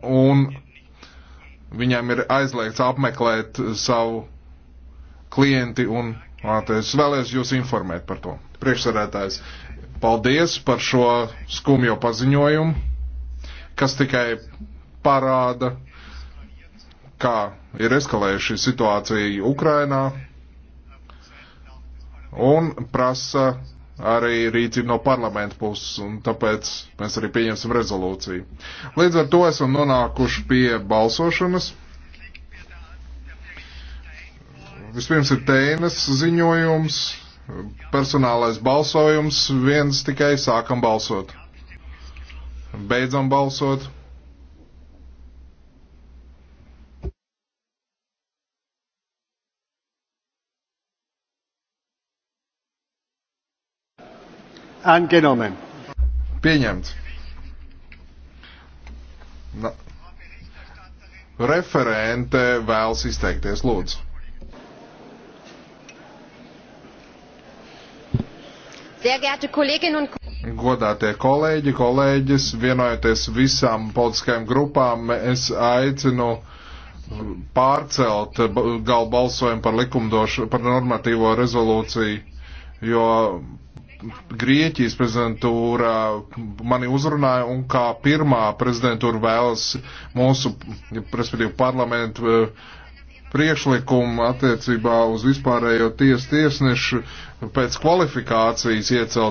un viņam ir aizliegts apmeklēt savu klienti un es vēlēs jūs informēt par to. Priekšsarētājs, paldies par šo skumjo paziņojumu, kas tikai parāda, kā ir eskalējuši situācija Ukrainā un prasa arī rīcību no parlamenta puses, un tāpēc mēs arī pieņemsim rezolūciju. Līdz ar to esam nonākuši pie balsošanas. Vispirms ir Teinas ziņojums, personālais balsojums, viens tikai sākam balsot. Beidzam balsot. Angenomen. Pieņemts. Na. Referente vēlas izteikties, lūdzu. Godātie kolēģi, kolēģis, vienojoties visām politiskajām grupām, es aicinu pārcelt galbalsojumu par likumdošu, par normatīvo rezolūciju, jo Grieķijas prezidentūra mani uzrunāja un kā pirmā prezidentūra vēlas mūsu, respektīvi, parlamentu eh, priekšlikumu attiecībā uz vispārējo tiesu tiesnešu pēc kvalifikācijas iecelt